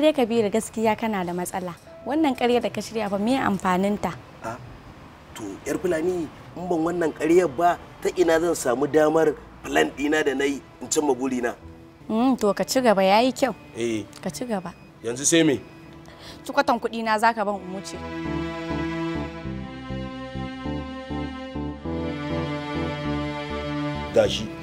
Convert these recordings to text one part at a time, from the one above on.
dai kabiru gaskiya kana da matsala wannan ƙarya da ka shirya ba me amfanin ta to yar fulani in ban wannan ƙaryar ba ta ina zan samu damar plan dina da na yi in cimma burina mm, to ka ci gaba yayi kyau eh ka ci gaba yanzu sai me cikwatan kuɗi na zaka ban umuce gashi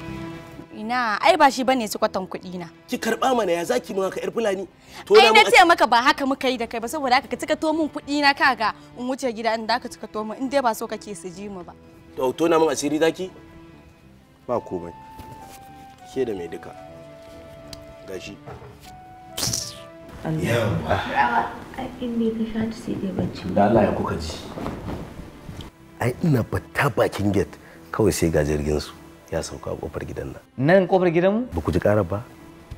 na ai ba shi bane su kwatan kuɗi na ki karba mana ya zaki mun haka yar fulani to ai na ce maka ba haka muka yi da kai ba saboda haka ka cika to mun kuɗi na kaga in wuce gida in da ka cika to mun in dai ba so kake su ji mu ba to to na mun asiri zaki ba komai ke da mai duka gashi Allah ya kuka ji ai ina fata bakin gate kawai sai ga jirgin su ya sauka a kofar gidan nan nan kofar gidanmu ba ku ji ƙara ba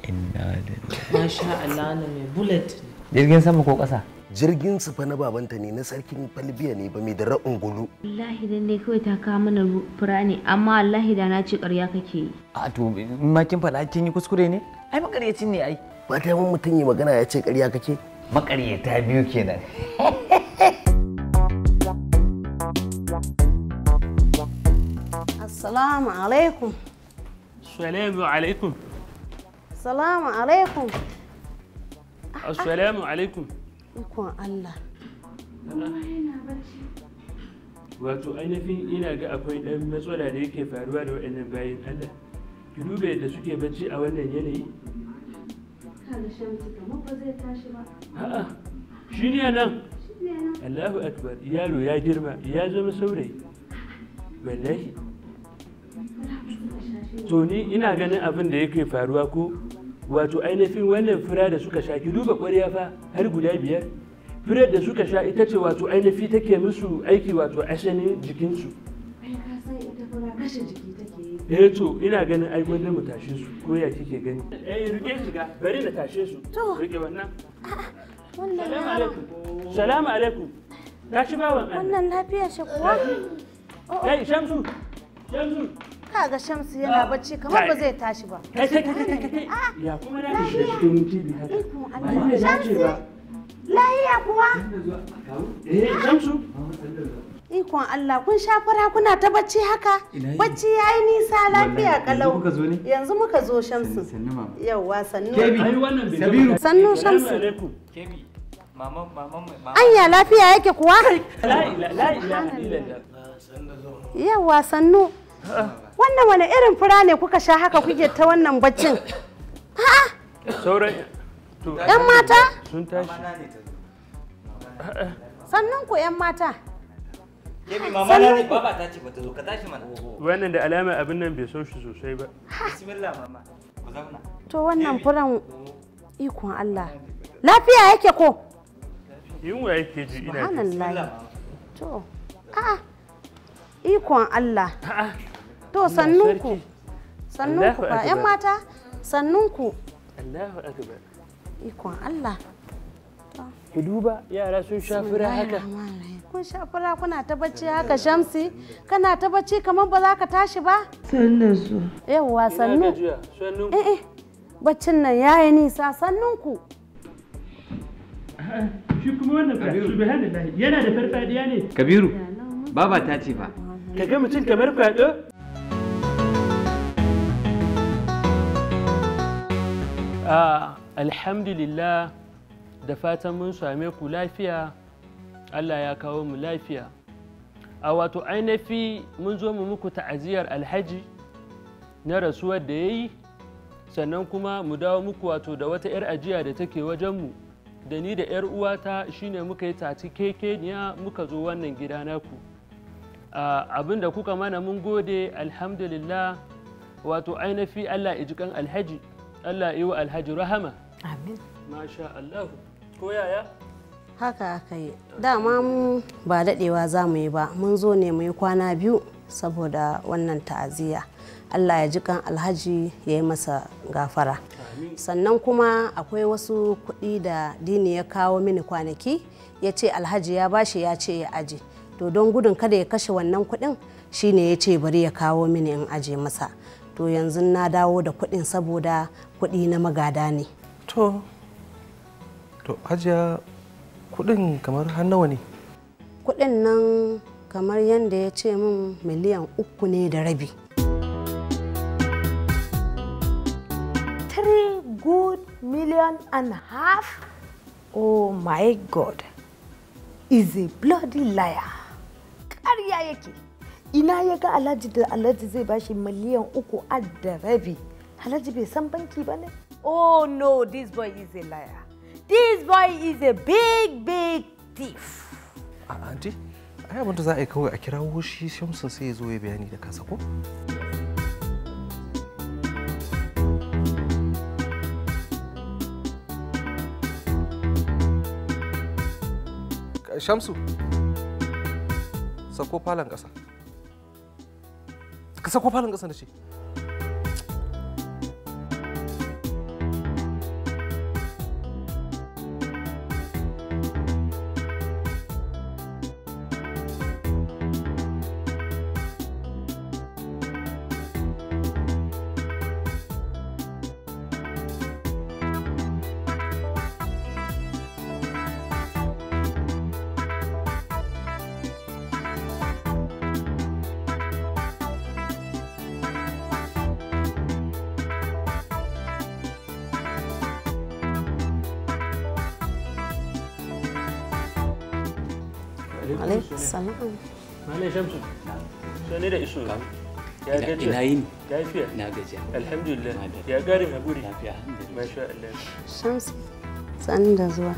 inna lillahi masha Allah na mai bullet jirgin sama ko ƙasa jirgin su fa na babanta ne na sarkin falbiya ne ba mai da ra'un gulu wallahi dan ne kawai ta kawo mana fura ne amma wallahi da na ce ƙarya kake yi a to in ma kin faɗa kin yi kuskure ne ai makaryacin ne ai ba ta mun mutum yi magana ya ce ƙarya kake makaryata biyu kenan Salamu alaikum. Salamu alaikum. Salamu alaikum. Assalamu alaikum. Ikon Allah. Wato ainihin ina ga akwai ɗan matsala da yake faruwa da waɗannan bayan Allah. Ki duba yadda suke bacci a wannan yanayi. A'a, shi ne nan. Allahu Akbar, yaro ya girma, ya zama saurayi. Wallahi. to ni ina ganin abin da yake faruwa ko wato ainihin wannan fira da suka sha ki duba ƙwarya fa har guda biyar fira da suka sha ita ce wato ainihin take musu aiki wato asalin jikinsu eh to ina ganin ai gwanda mu tashe su ko ya kike gani eh rike su ga bari na tashe su to rike wannan salamu alaikum salamu alaikum tashi bawan wannan lafiya shi kuwa kai oh, oh. shamsu yanzu kaga shamsu yana ah, bacci kamar ba zai tashi ba ah, ya kuma shi cikin haka shamsu eh, Ikon Allah kun sha fara kuna ta bacci haka? Bacci yayi nisa lafiya kalau. Yanzu muka zo Shamsu. Yauwa sannu. Kebi. Sannu Shamsu. Kebi. Anya lafiya yake kuwa? yawa sannu wannan wani irin fura ne kuka sha haka kuke ta wannan baccin yan mata sun sannan ku yan mata Yabi Wannan da abin nan bai so shi sosai ba. Bismillah To wannan furan ikon Allah. Lafiya yake ko? Yunwa A'a. ikon Allah to sannunku sannunku fa yan mata sannunku Allahu akbar ikon Allah ku duba yara sun shafira haka kun shafira kuna ta bacci haka shamsi kana ta bacci kamar ba za ka tashi ba sannan su yawwa sannun. eh eh baccin nan yayi nisa sannunku shi kuma wannan yana da farfadiya ne kabiru baba ta ce fa kaga ga mutum kamar kwaɗo alhamdulillah da fatan mun same ku lafiya allah ya kawo mu lafiya a wato ainihi mun zo mu muku ta'aziyar alhaji na rasuwar da ya yi sannan kuma mu dawo muku wato da wata 'yar ajiya da take wajenmu da ni da 'yar uwata shine muka yi keke kekeniya muka zo wannan gida naku abin da kuka mana mun gode alhamdulillah wato ainihi Allah ya kan alhaji Allah yi wa alhaji rahama amin masha Allah ko yaya haka aka yi dama mu ba daɗewa za mu yi ba mun zo ne mu yi kwana biyu saboda wannan ta'aziyya Allah ya ji kan alhaji ya yi masa gafara sannan kuma akwai wasu kuɗi da dini ya kawo mini kwanaki ya ce alhaji ya bashi ya ce ya aji to don gudun kada ya kashe wannan kuɗin shine ya ce bari ya kawo mini in aje masa to yanzu na dawo da kuɗin saboda kuɗi na magada ne to to hajiya kuɗin kamar har nawa ne kuɗin nan kamar yadda ya ce min miliyan uku ne da rabi three good million and a half oh my god is a bloody liar ƙarya yake ina ya ga alhaji da alhaji zai bashi miliyan uku adda rabi alhaji bai san banki ba ne oh no this boy is a liar this boy is a big big thief ai abin da za a yi kawai a kira shi shamsu sai ya zo ya bayani da kansa ko Shamsu, sako falon ƙasa ka sako falon ƙasa da shi alaikum salam malai da isu ya gajiya ina gajiya shamsu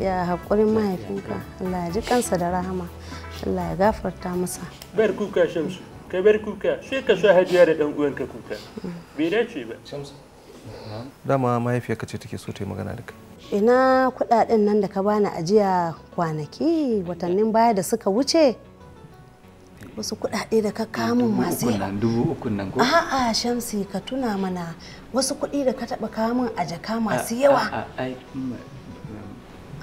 ya haƙurin mahaifinka Allah ya ji kansa da rahama Allah ya gafarta masa bar kuka shamsu ka bar kuka sai ka sa hajiya da dan uwanka kuka bai dace ba shamsu dama mahaifiyarka ce take so ta yi magana da kai ina kudaden nan da ka bani ajiya kwanaki watannin baya da suka wuce wasu kudade da ka kamo masu dubu uku nan a'a shamsi ka tuna mana wasu kudi da ka taba kamun a jaka masu yawa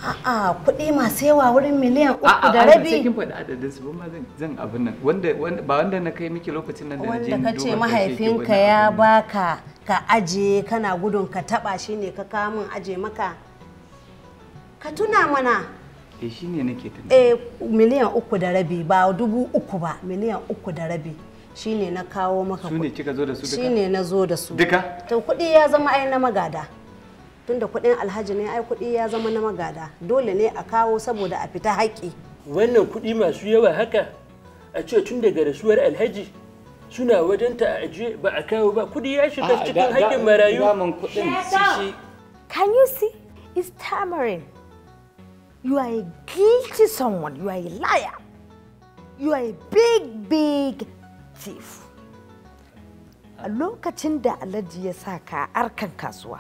a'a kudi masu yawa wurin miliyan uku da rabi a'a adadin su zan abin nan wanda ba wanda na kai miki lokacin nan da wanda kace mahaifinka ya baka ka aje kana gudun ka taba shine ka kamun aje maka Ka tuna mana. Eh shi ne nake tuna. Eh miliyan uku da rabi ba dubu uku ba miliyan uku da rabi. Shi ne na kawo maka kuɗi. Su ne kika zo da su duka? Shi ne na zo da su. Duka? To kuɗi ya zama ai na magada. Tunda kuɗin alhaji ne ai kuɗi ya zama na magada. Dole ne a kawo saboda a fita haƙƙi. Wannan kuɗi masu yawa haka a ce tun daga rasuwar alhaji suna wajen ta aje ba a kawo ba kuɗi ya shiga cikin haƙƙin marayu. Can you see? It's tamarind. You are a guilty someone. You are a liar. You are a big, big thief. A lokacin da Alhaji ya sa ka arkan kasuwa,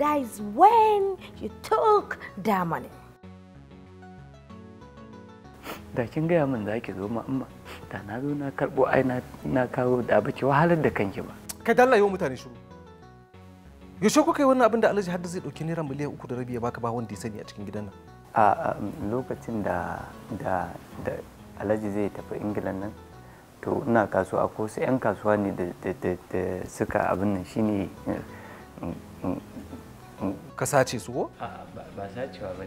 that is when you took the money. Da kin gaya min da ake zo amma da na zo na karɓo ai na kawo da baki wahalar da kanki ba. Kai dalla yau mutane shiru. Yaushe kuka yi wannan abin da Alhaji har zai ɗauki naira miliyan uku da rabi ya baka ba wanda ya sani a cikin gidan nan. a um, lokacin da da da alhaji zai tafi ingila nan to ina kasuwa ko sai 'yan kasuwa ne da suka abin nan shine eh, ka sace su ko? ba sacewa ba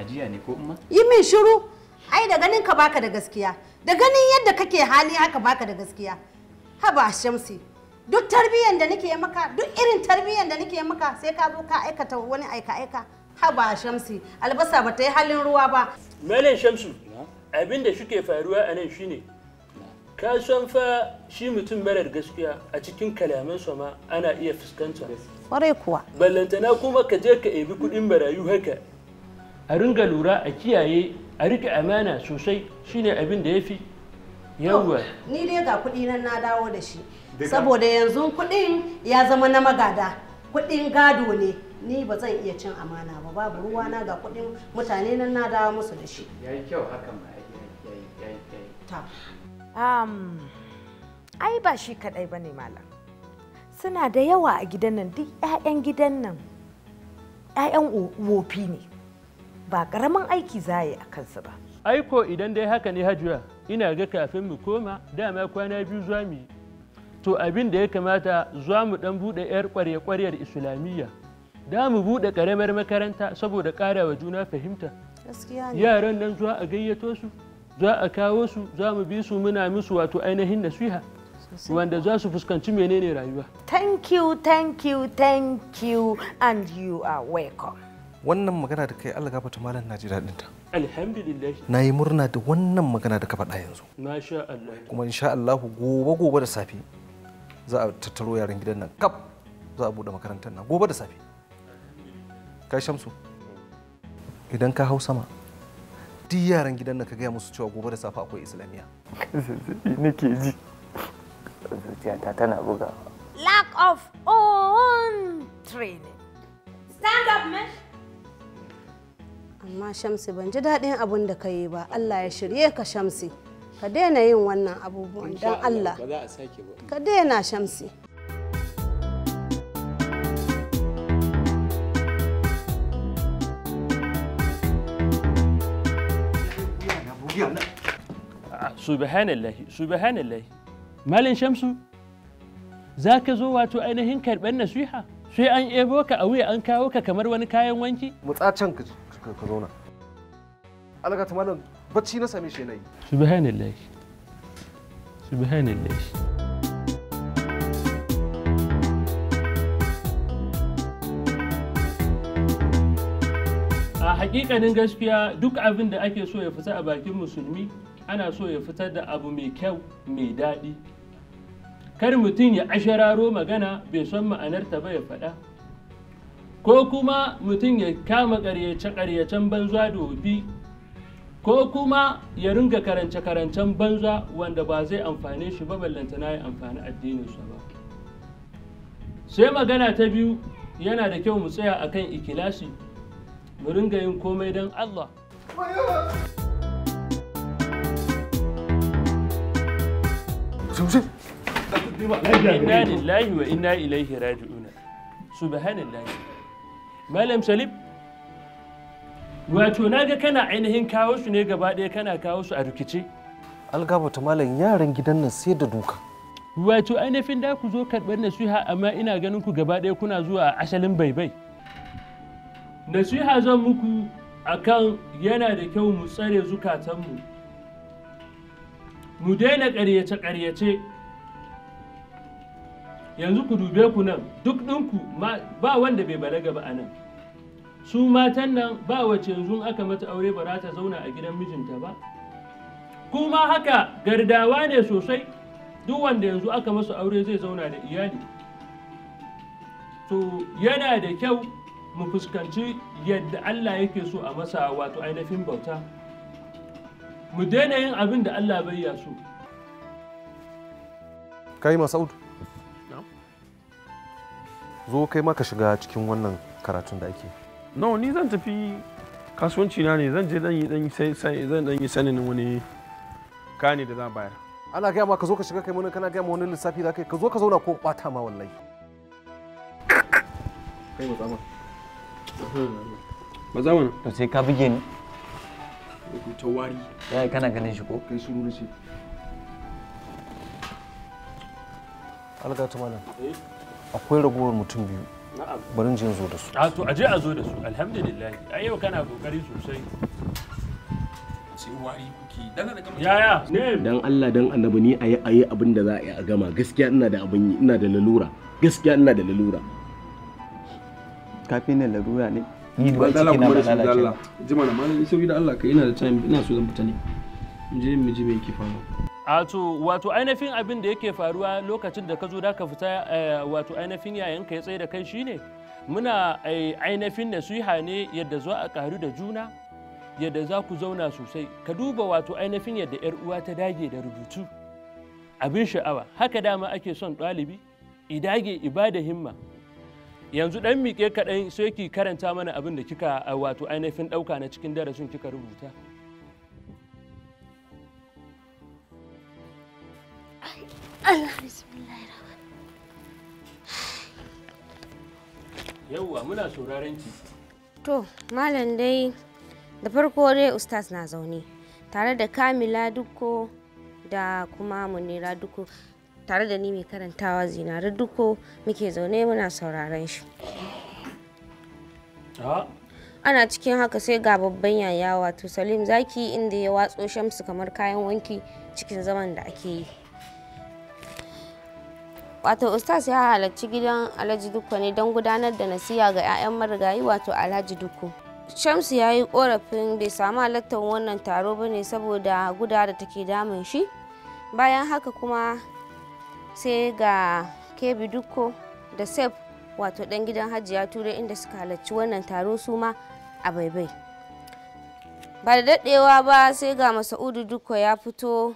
ajiya ne ko umma? yi min shiru ai da ganin ka baka da gaskiya da ganin yadda kake hali haka baka da gaskiya haba shamsi duk tarbiyyar da nake maka duk irin tarbiyyar da nake maka sai ka zo ka aikata wani aika-aika haba shamsi albasa ba ta yi halin ruwa ba malam shamsu abin da shuke faruwa a nan shine ka san fa shi mutum marar gaskiya a cikin sa ma ana iya fuskanta kwarai kuwa ballantana kuma ka je ka ebi kuɗin marayu haka a ringa lura a kiyaye a rike amana sosai shine abin da ya fi yawwa ni dai ga kuɗi nan na dawo da shi saboda yanzu kuɗin ya zama na magada kuɗin gado ne ni ba zan iya cin amana ba babu ruwa na ga kuɗin mutane nan na dawo musu da shi yayi kyau hakan ma yayi yayi ai ba shi kadai bane malam suna da yawa a gidan nan duk 'ya'yan gidan nan 'ya'yan wofi ne ba karamin aiki za yi a kansu ba aiko idan dai haka ne hajiya ina ga kafin mu koma dama kwana biyu zuwa mu to abin da ya kamata zuwa mu dan bude yar kwarye-kwaryar islamiyya da mu buɗe ƙaramar makaranta saboda ƙara wa juna fahimta yaran nan zuwa a gayyato su za a kawo su za mu bi su muna musu wato ainihin nasiha wanda za su fuskanci menene rayuwa thank you thank you thank you and you are welcome wannan magana da kai Allah gafarta malam na ji daɗin ta alhamdulillah na yi murna da wannan magana da ka faɗa yanzu masha Allah kuma insha Allah gobe gobe da safe za a tattaro yaran gidan nan kaf za a buɗe makarantar nan gobe da safe ka shamsu idan ka hau sama duk yaran gidan nan ka gaya musu cewa gobe da safe akwai islamiyya zazzabi nake ji zuciyata tana bugawa lack of own training stand up man amma shamsi ban ji daɗin abun da ka yi ba allah ya shirye ka shamsi ka daina yin wannan abubuwan don allah ka daina shamsi a'a subhanallahi subhanallahi malin shamsu za ka zo wato ainihin karɓar nasiha sai an ebo ka a wuya an kawo ka kamar wani kayan wanki mutsacen ka ka zauna alaka ta malam bacci na same shi nayi subhanallahi subhanallahi a hakikanin gaskiya duk abin da ake so ya fita a bakin musulmi ana so ya fitar da abu mai kyau mai daɗi kar mutum ya ashararo magana bai san ma'anarta ba ya faɗa ko kuma mutum ya kama ƙaryace-ƙaryacen banza dobi ko kuma ya ringa karance-karancen banza wanda ba zai amfane shi ba na yi amfani addininsa ba sai magana ta biyu yana da kyau mu tsaya akan ikilasi mu ringa yin komai don allah Joseph. Inna lillahi wa inna ilaihi raji'una. Subhanallah. Malam Salim Wato na ga kana ainihin kawo su ne gaba ɗaya kana kawo su a rikice. Algabata malam yaran gidan nan sai da duka. Wato ainihin da ku zo karɓar nasiha amma ina ganin ku gaba ɗaya kuna zuwa asalin baibai. Nasiha zan muku akan yana da kyau mu tsare zukatanmu mu daina ƙaryace-ƙaryace yanzu ku dube ku nan duk ɗinku ba wanda bai balaga ba a nan su matan nan ba wace yanzu aka mata aure ba ta zauna a gidan mijinta ba kuma haka gardawa ne sosai duk wanda yanzu aka masa aure zai zauna da iyali to yana da kyau mu fuskanci yadda allah yake so a masa wato ainihin bauta mu daina yin abin da Allah bai ya so kai sa'udu zo kai ma ka shiga cikin wannan karatun da ake no ni zan tafi kasuwanci na ne zan je dan yi dan sai zan dan yi sanin wani kani da za bayar ana gaya ma ka zo ka shiga kai mun kana gaya ma wani lissafi da kai ka zo ka zauna ko bata ma wallahi kai Ba zama. to sai ka buge ni ta wari ya kana ganin shi ko kai shiru da shi algatu malam eh? akwai ragowar mutum biyu barin jin zo da su a to aje a zo da su alhamdulillah a yau kana kokari sosai yaya dan Allah dan annabi ni ayi ayi abin da za a yi a gama gaskiya ina da abin ina da lalura gaskiya ina da lalura kafin lalura ne ni ba ciki na ba lalace jima na da Allah kai ina da time ina so zan fita ne je faruwa wato wato ainihin abin da yake faruwa lokacin da ka zo da ka fita eh, wato ainihin yayin ka ya tsaye da kai shine muna eh, ainihin nasiha ne yadda za a karu da juna yadda za ku zauna sosai ka duba wato ainihin yadda yar uwa ta dage da rubutu abin sha'awa haka dama ake son ɗalibi idage ibada himma yanzu dan miƙe kaɗan so yake karanta mana abin da kika wato ainihin ɗauka na cikin darasin kika rubuta yawwa muna sauraron ki to malam dai da farko dai ustaz na zaune tare da kamila duko da kuma munira duko tare da ni mai karantawa zinari duko muke zaune muna sauraren shi ah. ana cikin haka sai ga babban yaya wato salim zaki inda ya watso shamsu kamar kayan wanki cikin zaman da ake yi wato ustaz ya halarci gidan alhaji duko ne don gudanar da nasiya ga 'ya'yan marigayi wato alhaji duko shamsu ya yi korafin bai samu halartar wannan taro ba ne saboda guda da take damun shi bayan haka kuma sai ga kebi dukko da sef wato dan gidan hajiya turai inda suka halarci wannan taro su ma a baibai ba da daɗewa ba sai ga masa'udu dukko ya fito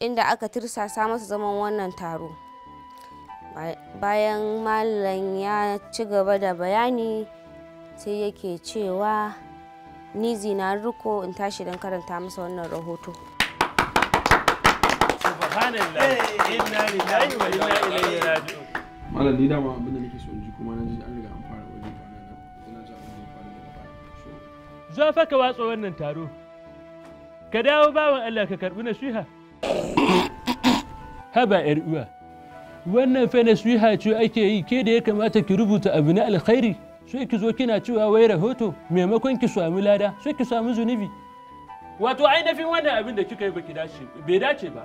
inda aka tirsasa masa zaman wannan taro bayan malam ya ci gaba da bayani sai yake cewa ni zinaruko in tashi don karanta masa wannan rahoto malam ni dama abin da nake so in ji kuma na ji an riga an fara nan ina ji abin da ya faru daga baya zo fa ka watsa wannan taro ka dawo bawan Allah ka karbi nasiha haba yar uwa wannan fa nasiha ce ake yi ke da ya kamata ki rubuta abu na alkhairi sai ki zo kina cewa wai rahoto maimakon ki sami lada sai ki sami zunubi wato ainihin wannan abin da kika yi baki dace bai dace ba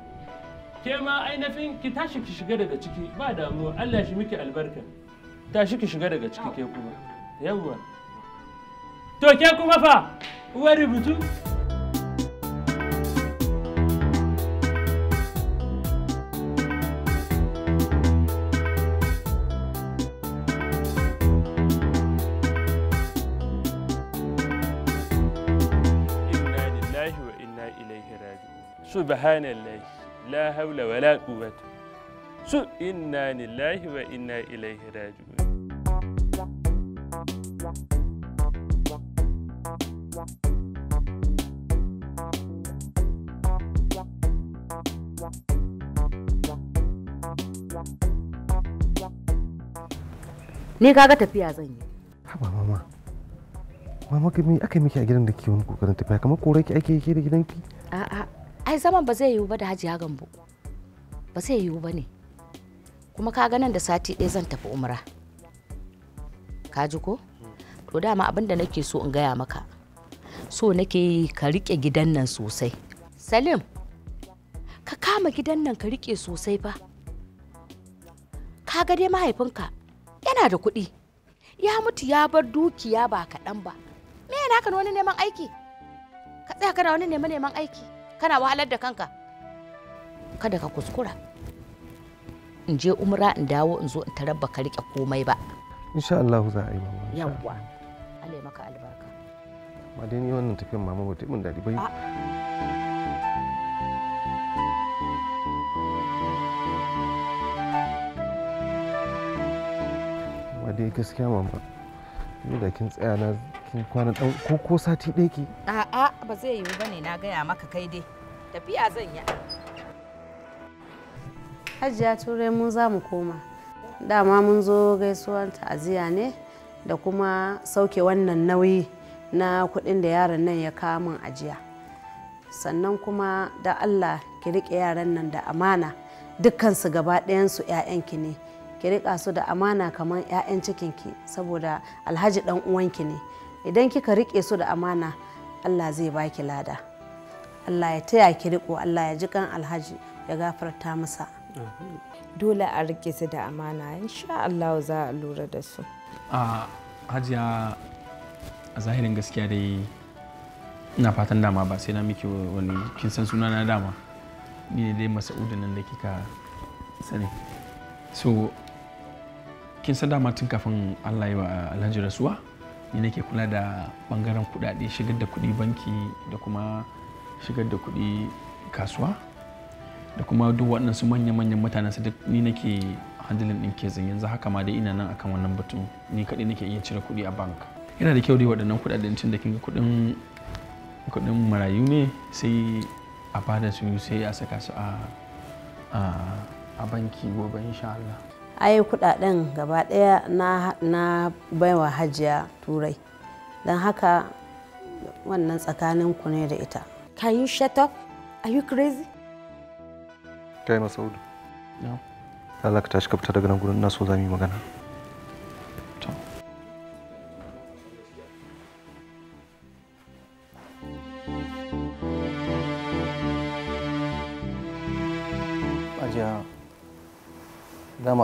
ke ma ainihin ki tashi ki shiga daga ciki ba damuwa Allah shi miki albarka tashi ki shiga daga ciki ke kuma yawwa to ke kuma fa uwar rubutu Subhanallah لا haula wala قوة su inna لله wa inna راجعون raji'un Ni kaga tafiya zan yi. Haba mama. Mama ka miki a gidan da ke wani kokarin tafiya kamar korai ki ake yake da gidanki? ki? ai zaman ba zai yiwu ba da hajiya gambo ba zai yiwu ba ne kuma ka nan da sati ɗaya zan tafi umra ka ji ko to dama abin da nake so in gaya maka so nake ka rike gidan nan sosai salim ka kama gidan nan ka riƙe sosai ba ka ga dai mahaifinka yana da kuɗi ya mutu ya bar dukiya ba kaɗan ba me yana ka wani neman aiki ka tsaya kana wani neman neman aiki kana wahalar da kanka kada ka kuskura in je umra in dawo in zo in tarar baka ka rike komai ba insha Allah za a yi mama yawwa Allah ya maka albarka ma dai ni wannan tafiyan mama ba ta min dadi ba ma dai gaskiya mama ni da kin tsaya na kin kwana ko ko sati ɗaya ke. a'a ba zai ba bane na gaya maka kai dai tafiya zan yi hajiya turai mun za mu koma dama mun zo gaisuwar ta'aziyya ne da kuma sauke wannan nauyi na kudin da yaran nan ya kamun ajiya sannan kuma da allah ki rike yaran nan da amana dukkansu gaba ɗayansu ki ne ki rika su da amana kamar 'ya'yan cikinki saboda alhaji ɗan uwanki ne idan kika riƙe su da amana Allah zai baki lada Allah ya taya ki riko Allah ya ji kan alhaji ya gafarta masa dole a rike su da amana insha Allah za a lura da su a hajiya a zahirin gaskiya dai ina fatan dama ba sai na miki wani kin san suna na dama ni ne dai masa'udu nan da kika sani so kin san dama tun kafin Allah ya wa alhaji rasuwa ni nake kula da bangaren kudade shigar da kudi banki da kuma shigar da kudi kasuwa da kuma duk waɗannan su manya-manyan mutane su duk ni nake handling ɗin zan yanzu haka ma dai ina nan akan wannan batun ni kaɗai nake iya cire kuɗi a bank yana da kyau dai waɗannan kuɗaɗen tun da kinga kuɗin kuɗin marayu ne sai a bada su sai a saka su a banki gobe insha Allah ai kudaden gaba daya na, na baiwa hajiya turai don haka wannan tsakanin ku ne da ita can you shut up are you crazy kai masaudu no. Allah ka tashi ka fita daga nan gurin na so za yi magana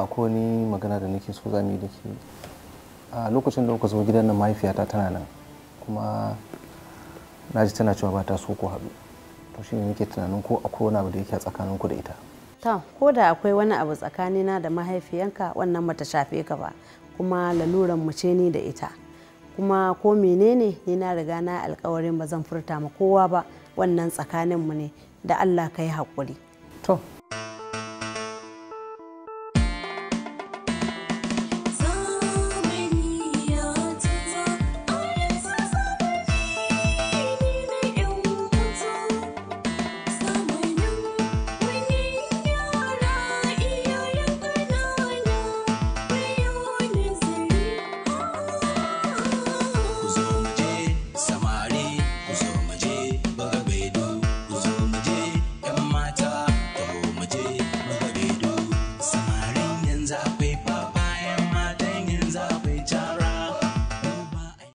ko ni magana da nake so zamu yi da ke a lokacin da kuka zo gidan nan mahaifiyata tana nan kuma na ji tana cewa ba ta so ku haɗu to shine nake tunanin ko akwai wani abu da yake a ku da ita to ko da akwai wani abu tsakanina da mahaifiyanka wannan bata shafe ka ba kuma laluran mu ce ni da ita kuma ko menene ni na riga na alkawarin ba zan furta ma kowa ba wannan tsakanin mu ne da Allah ka yi haƙuri to